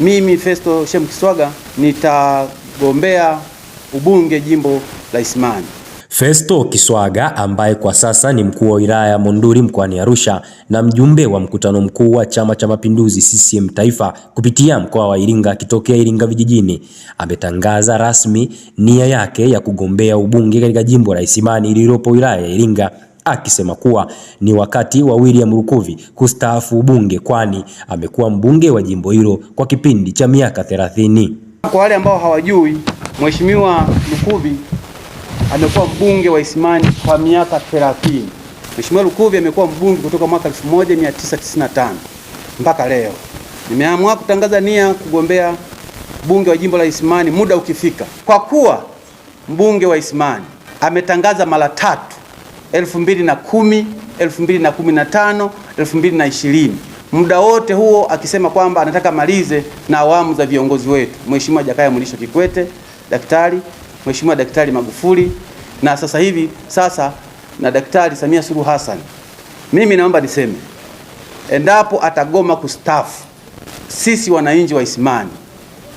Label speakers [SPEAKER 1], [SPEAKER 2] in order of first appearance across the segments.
[SPEAKER 1] Mimi Festo Shem Kiswaga nitagombea ubunge jimbo la Isimani.
[SPEAKER 2] Festo Kiswaga ambaye kwa sasa ni mkuu wa wilaya ya Monduli mkoani Arusha na mjumbe wa mkutano mkuu wa Chama cha Mapinduzi CCM Taifa kupitia mkoa wa Iringa akitokea Iringa vijijini ametangaza rasmi nia yake ya kugombea ubunge katika jimbo la Isimani lililopo wilaya ya Iringa akisema kuwa ni wakati wa William Lukuvi kustaafu ubunge, kwani amekuwa mbunge wa jimbo hilo kwa kipindi cha miaka 30.
[SPEAKER 1] Kwa wale ambao hawajui, Mheshimiwa Lukuvi amekuwa mbunge wa Isimani kwa miaka 30. Mheshimiwa Lukuvi amekuwa mbunge kutoka mwaka 1995 mpaka leo. Nimeamua kutangaza nia kugombea bunge wa jimbo la Isimani muda ukifika, kwa kuwa mbunge wa Isimani ametangaza mara tatu 2010, Muda wote huo akisema kwamba anataka malize na awamu za viongozi wetu, Mheshimiwa Jakaya Mrisho Kikwete daktari, Mheshimiwa Daktari Magufuli na sasa hivi sasa na Daktari Samia Suluhu Hassan. Mimi naomba niseme endapo atagoma kustafu sisi wananchi wa Isimani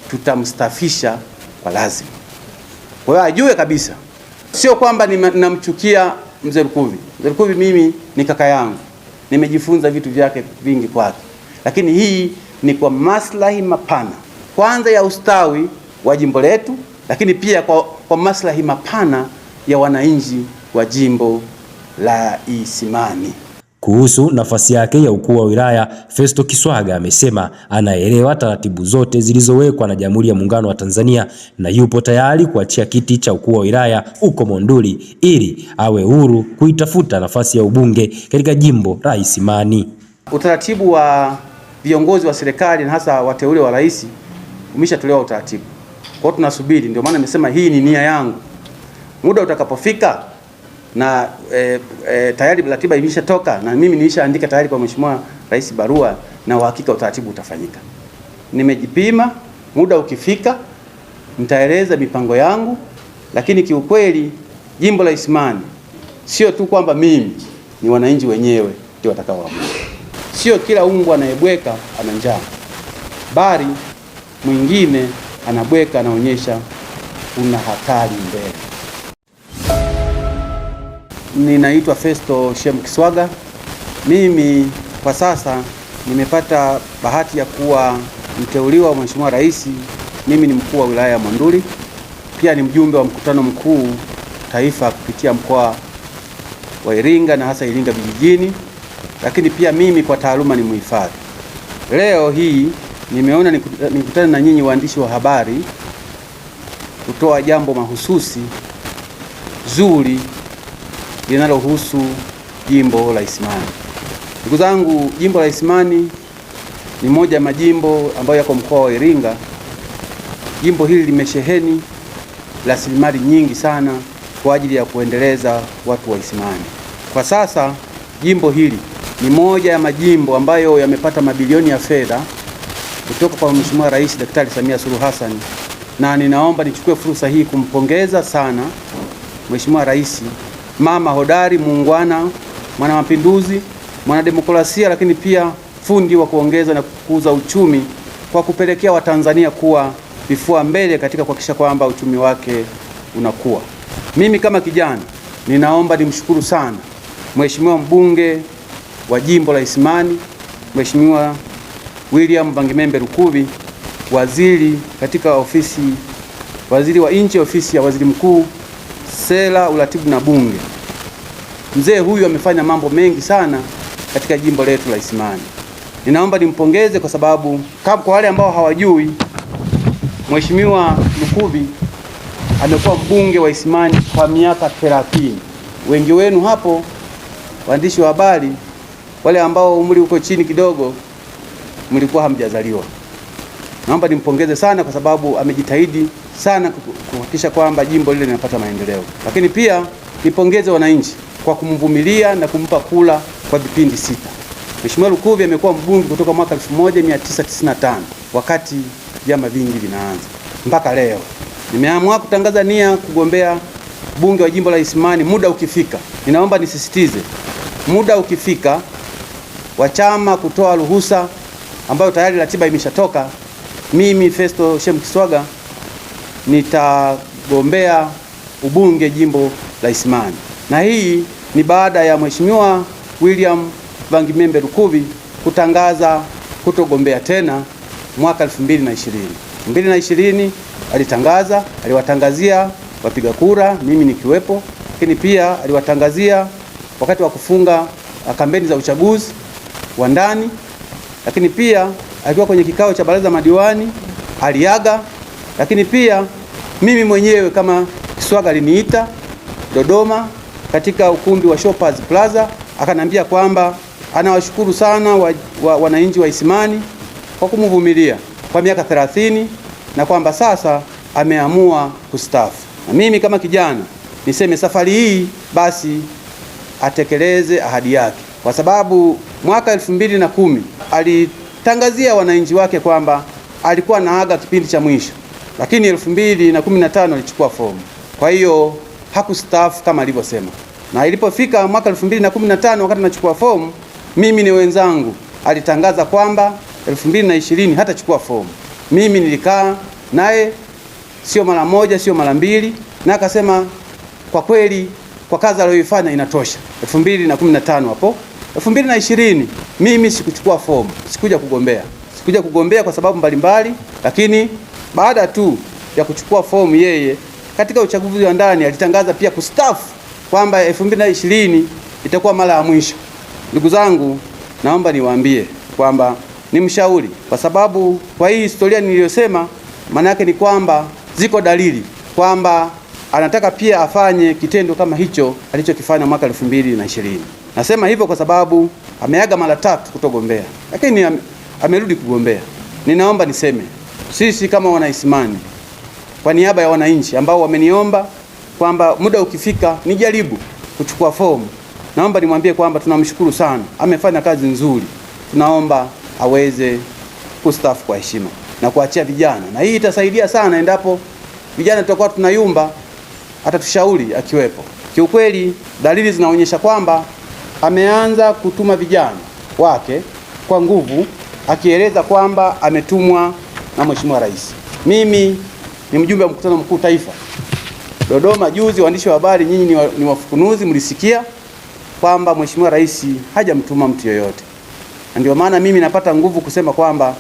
[SPEAKER 1] tutamstafisha kwa lazima. Kwa hiyo ajue kabisa, sio kwamba namchukia mzee Lukuvi. Mzee Lukuvi mimi ni kaka yangu, nimejifunza vitu vyake vingi kwake, lakini hii ni kwa maslahi mapana kwanza ya ustawi wa jimbo letu, lakini pia kwa, kwa maslahi mapana ya wananchi wa jimbo la Isimani.
[SPEAKER 2] Kuhusu nafasi yake ya ukuu wa wilaya, Festo Kiswaga amesema anaelewa taratibu zote zilizowekwa na Jamhuri ya Muungano wa Tanzania na yupo tayari kuachia kiti cha ukuu wa wilaya huko Monduli ili awe huru kuitafuta nafasi ya ubunge katika jimbo la Isimani.
[SPEAKER 1] Utaratibu wa viongozi wa serikali na hasa wateule wa rais umeshatolewa utaratibu. Kwa hiyo tunasubiri, ndio maana nimesema hii ni nia yangu, muda utakapofika na e, e, tayari ratiba imeshatoka na mimi nilishaandika tayari kwa Mheshimiwa Rais barua, na uhakika utaratibu utafanyika. Nimejipima, muda ukifika nitaeleza mipango yangu, lakini kiukweli jimbo la Isimani sio tu kwamba mimi, ni wananchi wenyewe ndio watakaoamua. Sio kila umbwa anayebweka ana njaa, bali mwingine anabweka, anaonyesha kuna hatari mbele. Ninaitwa Festo Shem Kiswaga. Mimi kwa sasa nimepata bahati ya kuwa mteuliwa wa Mheshimiwa Rais. Mimi ni mkuu wa wilaya ya Monduli, pia ni mjumbe wa mkutano mkuu taifa kupitia mkoa wa Iringa na hasa Iringa vijijini, lakini pia mimi kwa taaluma ni mhifadhi. Leo hii nimeona nikutane na nyinyi waandishi wa habari kutoa jambo mahususi zuri linalohusu jimbo la Isimani. Ndugu zangu, jimbo la Isimani ni moja ya majimbo ambayo yako mkoa wa Iringa. Jimbo hili limesheheni rasilimali nyingi sana kwa ajili ya kuendeleza watu wa Isimani. Kwa sasa jimbo hili ni moja ya majimbo ambayo yamepata mabilioni ya fedha kutoka kwa Mheshimiwa Rais Daktari Samia Suluhu Hassan, na ninaomba nichukue fursa hii kumpongeza sana Mheshimiwa Rais mama hodari, muungwana, mwanamapinduzi, mwanademokrasia, lakini pia fundi wa kuongeza na kukuza uchumi kwa kupelekea Watanzania kuwa vifua mbele katika kuhakikisha kwamba uchumi wake unakuwa. Mimi kama kijana ninaomba nimshukuru sana Mheshimiwa mbunge wa jimbo la Isimani, Mheshimiwa William Vangimembe Lukuvi, waziri katika ofisi, waziri wa nchi ofisi ya waziri mkuu, sera, uratibu na bunge Mzee huyu amefanya mambo mengi sana katika jimbo letu la Isimani. Ninaomba nimpongeze kwa sababu kwa wale ambao hawajui, Mheshimiwa Lukuvi amekuwa mbunge wa Isimani kwa miaka 30. Wengi wenu hapo waandishi wa habari, wale ambao umri uko chini kidogo, mlikuwa hamjazaliwa. Naomba nimpongeze sana kwa sababu amejitahidi sana kuhakikisha kwamba jimbo lile linapata maendeleo, lakini pia nipongeze wananchi kwa kumvumilia na kumpa kula kwa vipindi sita. Mheshimiwa Lukuvi amekuwa mbunge kutoka mwaka 1995 wakati vyama vingi vinaanza mpaka leo. Nimeamua kutangaza nia kugombea bunge wa jimbo la Isimani muda ukifika. Ninaomba nisisitize, muda ukifika wa chama kutoa ruhusa ambayo tayari ratiba imeshatoka, mimi Festo Shem Kiswaga nitagombea ubunge jimbo la Isimani na hii ni baada ya Mheshimiwa William Vangimembe Lukuvi kutangaza kutogombea tena mwaka 2020. 2020 alitangaza, aliwatangazia wapiga kura, mimi nikiwepo, lakini pia aliwatangazia wakati wa kufunga uh, kampeni za uchaguzi wa ndani, lakini pia akiwa kwenye kikao cha baraza madiwani aliaga, lakini pia mimi mwenyewe kama Kiswaga aliniita Dodoma katika ukumbi wa Shoppers Plaza, akaniambia kwamba anawashukuru sana wa, wa, wananchi wa Isimani kwa kumvumilia kwa miaka 30 na kwamba sasa ameamua kustaafu. Na mimi kama kijana niseme safari hii basi atekeleze ahadi yake, kwa sababu mwaka elfu mbili na kumi alitangazia wananchi wake kwamba alikuwa naaga kipindi cha mwisho, lakini elfu mbili na kumi na tano alichukua fomu. Kwa hiyo hakustaafu kama alivyosema, na ilipofika mwaka 2015 wakati nachukua fomu mimi ni wenzangu, alitangaza kwamba 2020 hatachukua fomu. Mimi nilikaa naye sio mara moja, sio mara mbili, na akasema kwa kweli kwa kazi aliyoifanya inatosha. 2015 hapo 2020 mimi sikuchukua fomu, sikuja kugombea, sikuja kugombea kwa sababu mbalimbali, lakini baada tu ya kuchukua fomu yeye katika uchaguzi wa ndani alitangaza pia kustafu kwamba 2020 itakuwa mara ya mwisho. Ndugu zangu, naomba niwaambie kwamba ni mshauri, kwa sababu kwa hii historia niliyosema, maana yake ni kwamba ziko dalili kwamba anataka pia afanye kitendo kama hicho alichokifanya mwaka 2020. Nasema hivyo kwa sababu ameaga mara tatu kutogombea, lakini amerudi kugombea. Ninaomba niseme sisi kama Wanaisimani kwa niaba ya wananchi ambao wameniomba kwamba muda ukifika nijaribu kuchukua fomu. Naomba nimwambie kwamba tunamshukuru sana, amefanya kazi nzuri. Tunaomba aweze kustaafu kwa heshima na kuachia vijana, na hii itasaidia sana endapo vijana tutakuwa tunayumba, tushauri akiwepo. Kiukweli dalili zinaonyesha kwamba ameanza kutuma vijana wake kwa nguvu, akieleza kwamba ametumwa na Mheshimiwa Rais. Mimi ni mjumbe wa mkutano mkuu taifa Dodoma juzi. Waandishi wa habari, nyinyi ni wafukunuzi, mlisikia kwamba Mheshimiwa Rais hajamtuma mtu yoyote, na ndio maana mimi napata nguvu kusema kwamba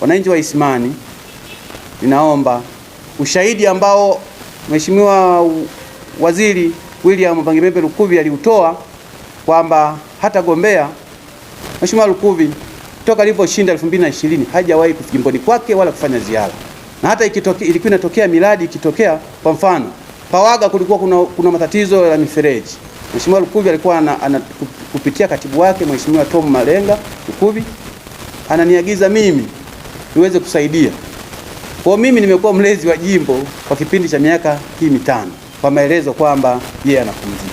[SPEAKER 1] wananchi wa Isimani, ninaomba ushahidi ambao Mheshimiwa Waziri William Vangibembe Lukuvi aliutoa kwamba hata gombea Mheshimiwa Lukuvi toka aliposhinda 2020 hajawahi kujimboni kwake wala kufanya ziara na hata ikitoke, ilikuwa inatokea miradi ikitokea, kwa mfano Pawaga kulikuwa kuna, kuna matatizo ya mifereji. Mheshimiwa Lukuvi alikuwa ana, ana, kupitia katibu wake Mheshimiwa Tom Malenga Lukuvi ananiagiza mimi niweze kusaidia. Kwa mimi nimekuwa mlezi wa jimbo kwa kipindi cha miaka hii mitano kwa maelezo kwamba yeye yeah, anapumzika.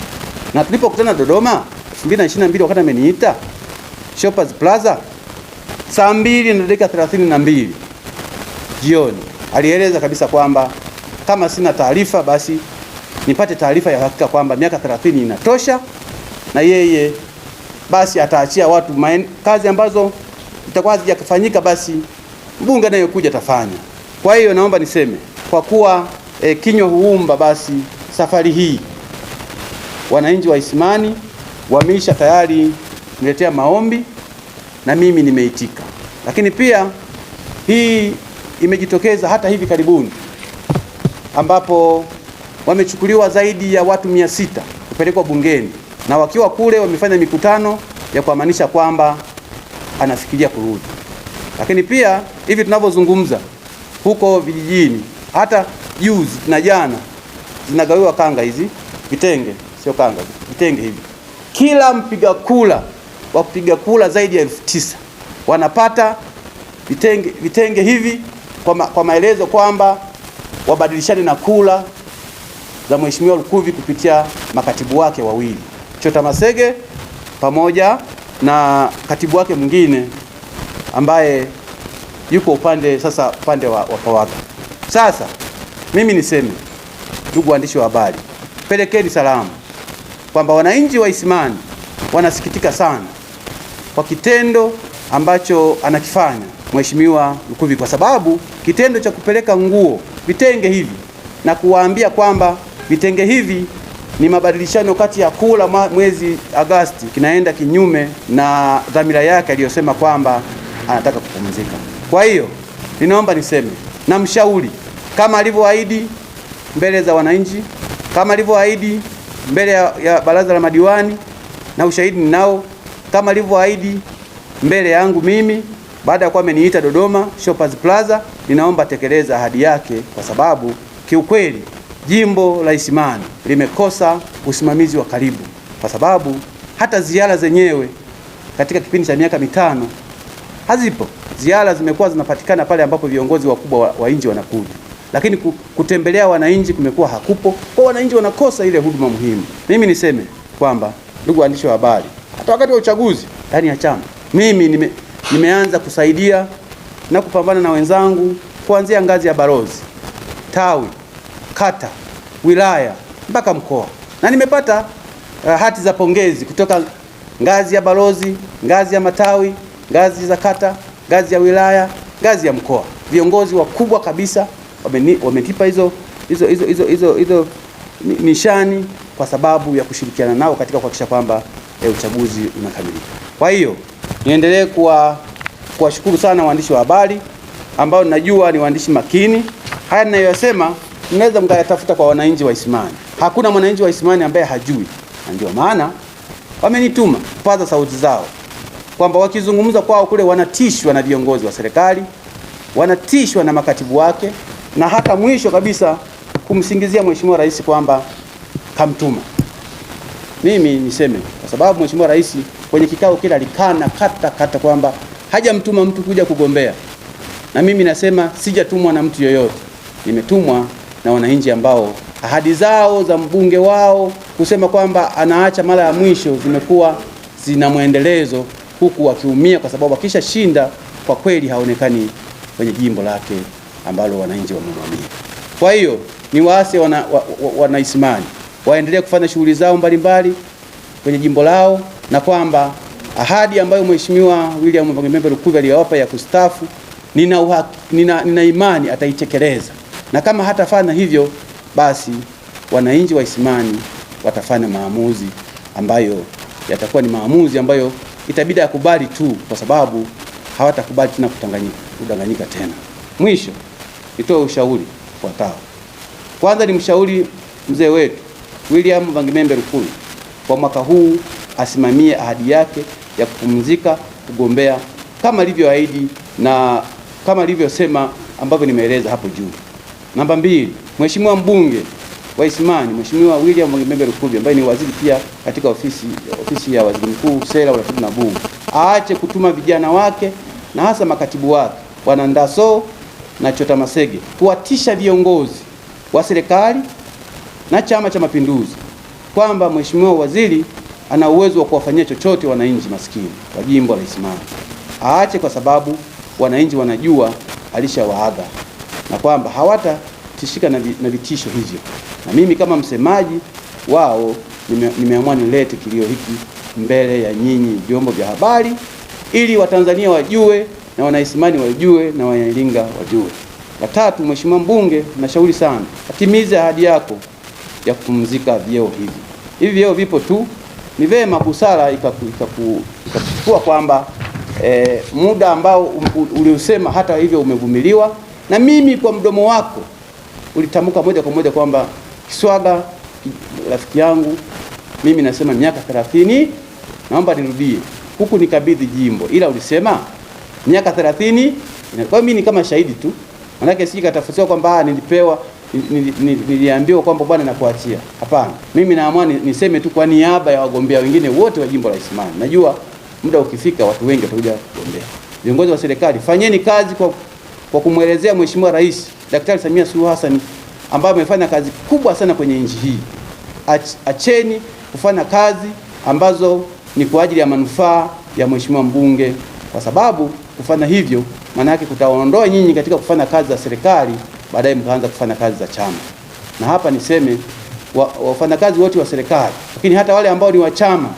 [SPEAKER 1] Na tulipokutana Dodoma 2022 wakati ameniita Shoppers Plaza saa 2 na dakika 32 jioni alieleza kabisa kwamba kama sina taarifa basi nipate taarifa ya hakika kwamba miaka 30 inatosha, na yeye basi ataachia watu maen, kazi ambazo zitakuwa hazijafanyika basi mbunge anayokuja atafanya. Kwa hiyo naomba niseme kwa kuwa e, eh, kinywa huumba, basi safari hii wananchi wa Isimani wameisha tayari niletea maombi na mimi nimeitika, lakini pia hii imejitokeza hata hivi karibuni ambapo wamechukuliwa zaidi ya watu mia sita kupelekwa bungeni na wakiwa kule wamefanya mikutano ya kuamanisha kwamba anafikiria kurudi. Lakini pia hivi tunavyozungumza, huko vijijini, hata juzi na jana zinagawiwa kanga hizi, vitenge, sio kanga, vitenge hivi. Kila mpiga kula wa kupiga kula zaidi ya elfu tisa wanapata vitenge, vitenge hivi kwa, ma, kwa maelezo kwamba wabadilishane na kula za Mheshimiwa Lukuvi kupitia makatibu wake wawili Chota Masege pamoja na katibu wake mwingine ambaye yuko upande sasa upande wa, wa Pawaga. Sasa mimi niseme, ndugu waandishi wa habari, pelekeni salamu kwamba wananchi wa Isimani wanasikitika sana kwa kitendo ambacho anakifanya Mheshimiwa Lukuvi, kwa sababu kitendo cha kupeleka nguo vitenge hivi na kuwaambia kwamba vitenge hivi ni mabadilishano kati ya kula mwezi Agosti kinaenda kinyume na dhamira yake aliyosema kwamba anataka kupumzika. Kwa hiyo ninaomba niseme, na mshauri kama alivyoahidi mbele za wananchi, kama alivyoahidi mbele ya, ya baraza la madiwani na ushahidi ninao, kama alivyoahidi mbele yangu mimi baada ya kuwa ameniita Dodoma Shoppers Plaza, ninaomba tekeleza ahadi yake, kwa sababu kiukweli jimbo la Isimani limekosa usimamizi wa karibu, kwa sababu hata ziara zenyewe katika kipindi cha miaka mitano hazipo. Ziara zimekuwa zinapatikana pale ambapo viongozi wakubwa wa, wa nchi wanakuja, lakini kutembelea wananchi kumekuwa hakupo, kwa wananchi wanakosa ile huduma muhimu. Mimi niseme kwamba, ndugu waandishi wa habari, hata wakati wa uchaguzi ndani ya chama mimi nime nimeanza kusaidia na kupambana na wenzangu kuanzia ngazi ya balozi, tawi, kata, wilaya mpaka mkoa, na nimepata uh, hati za pongezi kutoka ngazi ya balozi, ngazi ya matawi, ngazi za kata, ngazi ya wilaya, ngazi ya mkoa. Viongozi wakubwa kabisa wametipa hizo hizo hizo hizo hizo hizo nishani kwa sababu ya kushirikiana nao katika kuhakikisha kwamba e, uchaguzi unakamilika. Kwa hiyo Niendelee kuwashukuru sana waandishi wa habari ambao najua ni waandishi makini. Haya ninayoyasema mnaweza mkayatafuta kwa wananchi wa Isimani. Hakuna mwananchi wa Isimani ambaye hajui, na ndio maana wamenituma kupaza sauti zao kwamba wakizungumza kwao kule wanatishwa na viongozi wa serikali, wanatishwa na makatibu wake, na hata mwisho kabisa kumsingizia Mheshimiwa Rais kwamba kamtuma. Mimi niseme kwa sababu Mheshimiwa Rais kwenye kikao kile alikana kata kata kwamba hajamtuma mtu kuja kugombea, na mimi nasema sijatumwa na mtu yoyote, nimetumwa na wananchi ambao ahadi zao za mbunge wao kusema kwamba anaacha mara ya mwisho zimekuwa zina mwendelezo, huku wakiumia kwa sababu akishashinda kwa kweli haonekani kwenye jimbo lake ambalo wananchi wamemwamini. Kwa hiyo ni waase wana, wa, wa, Wanaisimani waendelee kufanya shughuli zao mbalimbali kwenye jimbo lao na kwamba ahadi ambayo Mheshimiwa William Vangimembe Lukuvi aliyowapa ya kustaafu, nina, nina, nina imani ataitekeleza, na kama hatafanya hivyo, basi wananchi wa Isimani watafanya maamuzi ambayo yatakuwa ni maamuzi ambayo itabidi yakubali tu, kwa sababu hawatakubali tena kudanganyika tena. Mwisho nitoe ushauri ufuatao. Kwanza ni mshauri mzee wetu William Vangimembe Lukuvi kwa mwaka huu asimamie ahadi yake ya kupumzika kugombea kama alivyoahidi na kama alivyosema ambavyo nimeeleza hapo juu. Namba mbili, Mheshimiwa mbunge wa Isimani, Mheshimiwa William Mwembembe Lukuvi ambaye ni waziri pia katika ofisi, ofisi ya waziri mkuu sera, uratibu na bunge, aache kutuma vijana wake na hasa makatibu wake wanandaso na chota masege kuwatisha viongozi wa serikali na Chama cha Mapinduzi kwamba mheshimiwa waziri ana uwezo wa kuwafanyia chochote wananchi maskini wa jimbo la Isimani. Aache kwa sababu wananchi wanajua alishawaadha na kwamba hawatatishika na vitisho hivyo, na mimi kama msemaji wao nimeamua nime nilete kilio hiki mbele ya nyinyi vyombo vya habari ili Watanzania wajue na Wanaisimani wajue na Wanairinga wajue. La tatu, Mheshimiwa Mbunge, nashauri sana atimize ahadi yako ya kupumzika vyeo hivi. Hivi vyeo vipo tu ni vema busara ikakuchukua kwamba e, muda ambao uliosema hata hivyo umevumiliwa, na mimi kwa mdomo wako ulitamka moja kwa moja kwamba Kiswaga rafiki yangu, mimi nasema miaka thelathini, naomba nirudie huku nikabidhi jimbo, ila ulisema miaka thelathini. Kwa hiyo mimi ni kama shahidi tu, manake katafusiwa kwamba ah, nilipewa niliambiwa kwamba bwana nakuachia. Hapana, mimi naamua niseme tu kwa niaba ya wagombea wengine wote wa jimbo la Isimani. Najua muda ukifika watu wengi watakuja kugombea. Viongozi wa serikali, fanyeni kazi kwa, kwa kumwelezea Mheshimiwa Rais Daktari Samia Suluhu Hassan ambaye amefanya kazi kubwa sana kwenye nchi hii. Acheni kufanya kazi ambazo ni kwa ajili ya manufaa ya mheshimiwa mbunge, kwa sababu kufanya hivyo maana yake kutaondoa nyinyi katika kufanya kazi za serikali baadaye mkaanza kufanya kazi za chama. Na hapa niseme wafanyakazi wote wa serikali, lakini hata wale ambao ni wa chama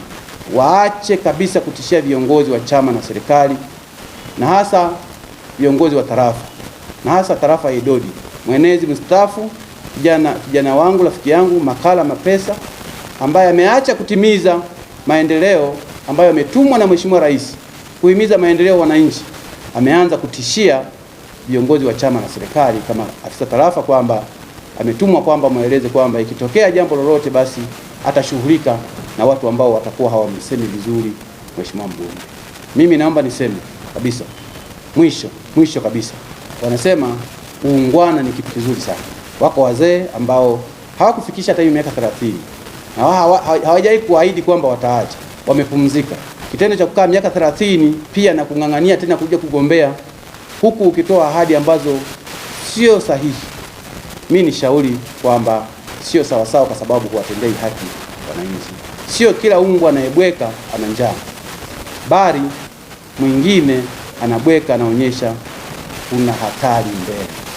[SPEAKER 1] waache kabisa kutishia viongozi wa chama na serikali, na hasa viongozi wa tarafa, na hasa tarafa ya Idodi. Mwenezi mstaafu kijana kijana wangu rafiki yangu Makala Mapesa ambaye ameacha kutimiza maendeleo ambayo ametumwa na Mheshimiwa Rais kuhimiza maendeleo wananchi, ameanza kutishia viongozi wa chama na serikali kama afisa tarafa kwamba ametumwa kwamba mweleze kwamba ikitokea jambo lolote basi atashughulika na watu ambao watakuwa hawamsemi vizuri mheshimiwa mbunge. Mimi naomba niseme kabisa, mwisho mwisho kabisa, wanasema uungwana ni kitu kizuri sana. Wako wazee ambao hawakufikisha hata hiyo miaka 30 na hawajawahi kuahidi kwamba wataacha, wamepumzika. Kitendo cha kukaa miaka 30 pia na kung'ang'ania tena kuja kugombea huku ukitoa ahadi ambazo sio sahihi. Mi shauri kwamba sio sawasawa, kwa sababu huwatendei haki wananchi. Sio kila ungu anayebweka ana njaa, bali mwingine anabweka, anaonyesha kuna hatari mbele.